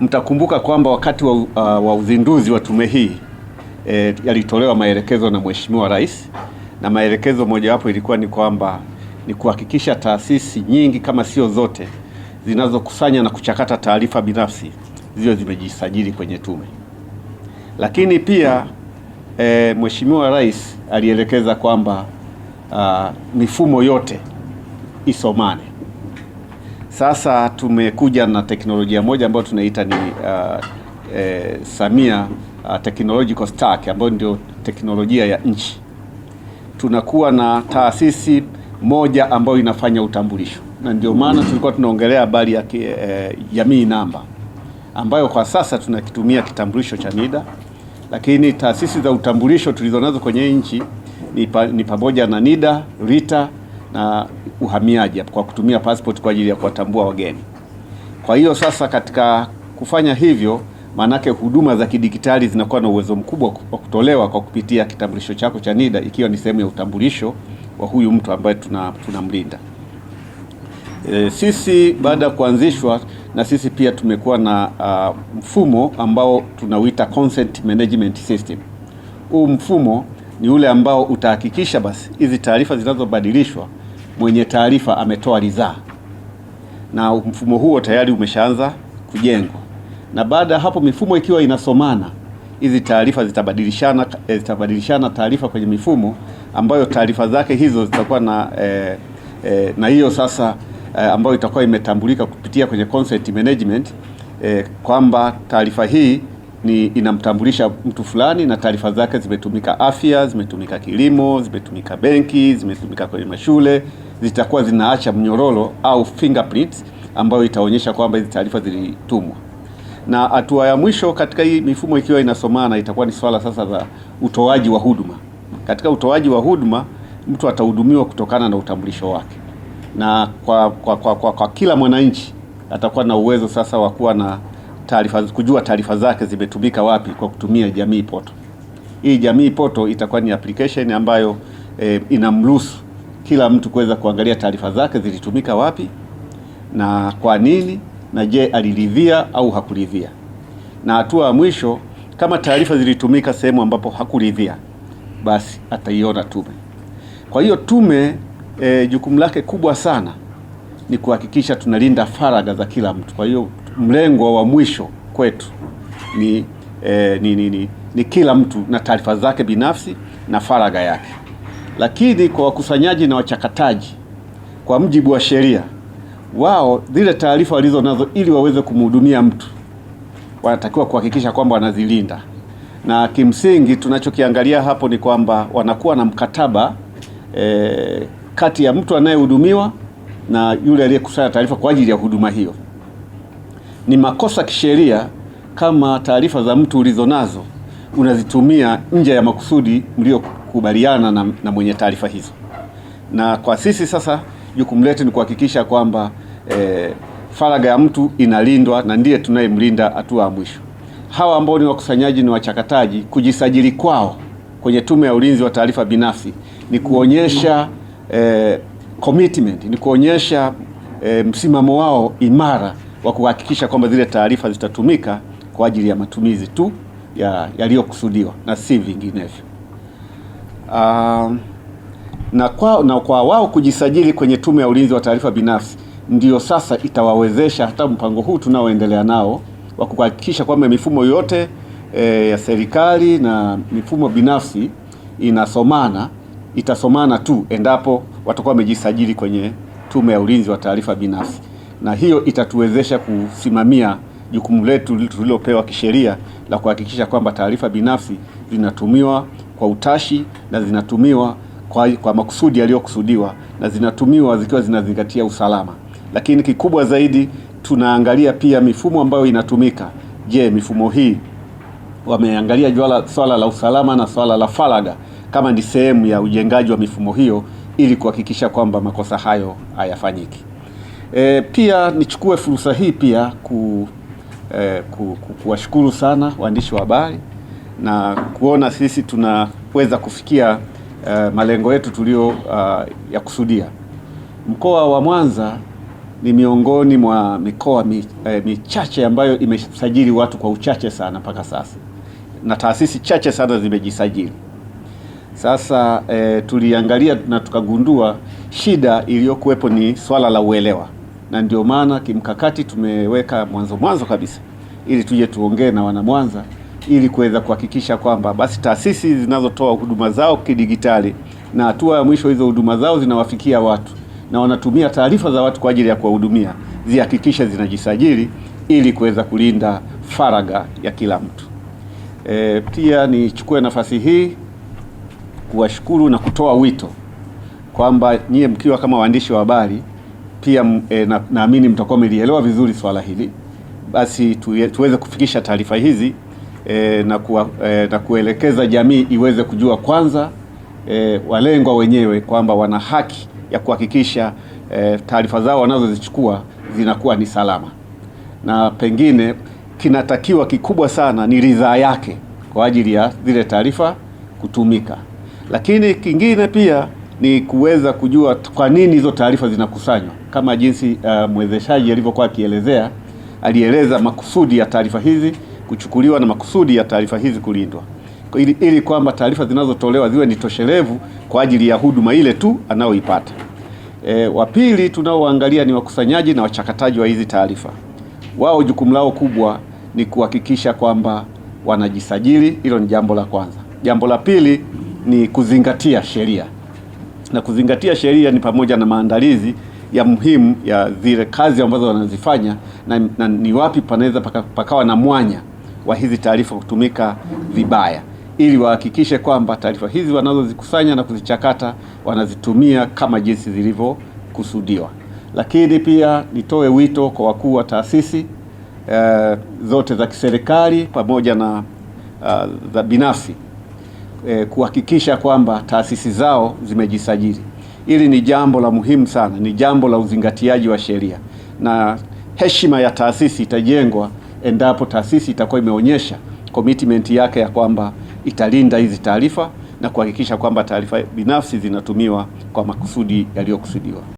Mtakumbuka kwamba wakati wa, uh, wa uzinduzi wa tume hii e, yalitolewa maelekezo na Mheshimiwa Rais, na maelekezo mojawapo ilikuwa ni kwamba ni kuhakikisha taasisi nyingi kama sio zote zinazokusanya na kuchakata taarifa binafsi ziwe zimejisajili kwenye tume. Lakini pia e, Mheshimiwa Rais alielekeza kwamba uh, mifumo yote isomane sasa tumekuja na teknolojia moja ambayo tunaita ni uh, eh, Samia uh, Technological Stack ambayo ndio teknolojia ya nchi. Tunakuwa na taasisi moja ambayo inafanya utambulisho, na ndio maana tulikuwa tunaongelea habari ya eh, jamii namba ambayo kwa sasa tunakitumia kitambulisho cha NIDA, lakini taasisi za utambulisho tulizonazo kwenye nchi ni pamoja na NIDA, RITA na uhamiaji kwa kutumia passport kwa ajili ya kuwatambua wageni. Kwa hiyo sasa, katika kufanya hivyo, maanake huduma za kidijitali zinakuwa na uwezo mkubwa wa kutolewa kwa kupitia kitambulisho chako cha NIDA, ikiwa ni sehemu ya utambulisho wa huyu mtu ambaye tunamlinda. Tuna e, sisi baada ya kuanzishwa na sisi pia tumekuwa na uh, mfumo ambao tunauita consent management system. Huu mfumo ni ule ambao utahakikisha basi hizi taarifa zinazobadilishwa mwenye taarifa ametoa ridhaa, na mfumo huo tayari umeshaanza kujengwa, na baada ya hapo mifumo ikiwa inasomana hizi taarifa zitabadilishana eh, zitabadilishana taarifa kwenye mifumo ambayo taarifa zake hizo zitakuwa na e, e, na hiyo sasa e, ambayo itakuwa imetambulika kupitia kwenye consent management e, kwamba taarifa hii ni inamtambulisha mtu fulani na taarifa zake zimetumika afya, zimetumika kilimo, zimetumika benki, zimetumika kwenye mashule, zitakuwa zinaacha mnyororo au fingerprint ambayo itaonyesha kwamba hizi taarifa zilitumwa. Na hatua ya mwisho katika hii mifumo ikiwa inasomana, itakuwa ni swala sasa za utoaji wa huduma. Katika utoaji wa huduma, mtu atahudumiwa kutokana na utambulisho wake, na kwa, kwa, kwa, kwa, kwa kila mwananchi atakuwa na uwezo sasa wa kuwa na taarifa, kujua taarifa zake zimetumika wapi kwa kutumia jamii poto. Hii jamii poto itakuwa ni application ambayo e, inamruhusu kila mtu kuweza kuangalia taarifa zake zilitumika wapi na kwa nini, na je, aliridhia au hakuridhia. Na hatua ya mwisho, kama taarifa zilitumika sehemu ambapo hakuridhia, basi ataiona tume. Kwa hiyo tume e, jukumu lake kubwa sana ni kuhakikisha tunalinda faragha za kila mtu. Kwa hiyo mlengwa wa mwisho kwetu ni, eh, ni, ni, ni, ni kila mtu na taarifa zake binafsi na faragha yake, lakini kwa wakusanyaji na wachakataji, kwa mjibu wa sheria, wao zile taarifa walizo nazo ili waweze kumhudumia mtu wanatakiwa kuhakikisha kwamba wanazilinda, na kimsingi tunachokiangalia hapo ni kwamba wanakuwa na mkataba eh, kati ya mtu anayehudumiwa na yule aliyekusanya taarifa kwa ajili ya huduma hiyo ni makosa kisheria kama taarifa za mtu ulizonazo unazitumia nje ya makusudi mliokubaliana na, na mwenye taarifa hizo. Na kwa sisi sasa jukumu letu ni kuhakikisha kwamba e, eh, faragha ya mtu inalindwa na ndiye tunayemlinda hatua ya mwisho. Hawa ambao ni wakusanyaji ni wachakataji, kujisajili kwao kwenye Tume ya Ulinzi wa Taarifa Binafsi ni kuonyesha e, commitment, ni kuonyesha e, msimamo wao imara wa kuhakikisha kwamba zile taarifa zitatumika kwa ajili ya matumizi tu yaliyokusudiwa ya na si vinginevyo. Uh, na kwa, na kwa wao kujisajili kwenye Tume ya Ulinzi wa Taarifa Binafsi ndiyo sasa itawawezesha hata mpango huu tunaoendelea nao wa kuhakikisha kwamba mifumo yote e, ya serikali na mifumo binafsi inasomana itasomana tu endapo watakuwa wamejisajili kwenye Tume ya Ulinzi wa Taarifa Binafsi na hiyo itatuwezesha kusimamia jukumu letu tulilopewa kisheria la kuhakikisha kwamba taarifa binafsi zinatumiwa kwa utashi na zinatumiwa kwa, kwa makusudi yaliyokusudiwa na zinatumiwa zikiwa zinazingatia usalama. Lakini kikubwa zaidi tunaangalia pia mifumo ambayo inatumika. Je, mifumo hii wameangalia jwala swala la usalama na swala la faraga kama ni sehemu ya ujengaji wa mifumo hiyo ili kuhakikisha kwamba makosa hayo hayafanyiki. E, pia nichukue fursa hii pia ku, e, ku, ku, kuwashukuru sana waandishi wa habari na kuona sisi tunaweza kufikia e, malengo yetu tulio a, ya kusudia. Mkoa wa Mwanza ni miongoni mwa mikoa mi, e, michache ambayo imesajili watu kwa uchache sana mpaka sasa na taasisi chache sana zimejisajili. Sasa e, tuliangalia na tukagundua shida iliyokuwepo ni swala la uelewa na ndio maana kimkakati tumeweka mwanzo mwanzo kabisa ili tuje tuongee na wanamwanza ili kuweza kuhakikisha kwamba basi taasisi zinazotoa huduma zao kidigitali na hatua ya mwisho hizo huduma zao zinawafikia watu na wanatumia taarifa za watu kwa ajili ya kuwahudumia, zihakikishe zinajisajili ili kuweza kulinda faragha ya kila mtu. E, pia nichukue nafasi hii kuwashukuru na kutoa wito kwamba nyie mkiwa kama waandishi wa habari pia eh, naamini na mtakuwa mmelielewa vizuri swala hili, basi tuye, tuweze kufikisha taarifa hizi e, na, kuwa, e, na kuelekeza jamii iweze kujua kwanza e, walengwa wenyewe kwamba wana haki ya kuhakikisha e, taarifa zao wanazozichukua zinakuwa ni salama, na pengine kinatakiwa kikubwa sana ni ridhaa yake kwa ajili ya zile taarifa kutumika, lakini kingine pia ni kuweza kujua kwa nini hizo taarifa zinakusanywa kama jinsi uh, mwezeshaji alivyokuwa akielezea, alieleza makusudi ya taarifa hizi kuchukuliwa na makusudi ya taarifa hizi kulindwa ili, ili kwamba taarifa zinazotolewa ziwe ni toshelevu kwa ajili ya huduma ile tu anayoipata. E, wa pili tunaoangalia ni wakusanyaji na wachakataji wa hizi taarifa. Wao jukumu lao kubwa ni kuhakikisha kwamba wanajisajili. Hilo ni jambo la kwanza. Jambo la pili ni kuzingatia sheria, na kuzingatia sheria ni pamoja na maandalizi ya muhimu ya zile kazi ambazo wanazifanya na, na ni wapi panaweza pakawa na mwanya wa hizi taarifa kutumika vibaya ili wahakikishe kwamba taarifa hizi wanazozikusanya na kuzichakata wanazitumia kama jinsi zilivyokusudiwa. Lakini pia nitoe wito kwa wakuu wa taasisi e, zote za kiserikali pamoja na a, ah, za binafsi e, kuhakikisha kwamba taasisi zao zimejisajili. Hili ni jambo la muhimu sana, ni jambo la uzingatiaji wa sheria, na heshima ya taasisi itajengwa endapo taasisi itakuwa imeonyesha commitment yake ya kwamba italinda hizi taarifa na kuhakikisha kwamba taarifa binafsi zinatumiwa kwa makusudi yaliyokusudiwa.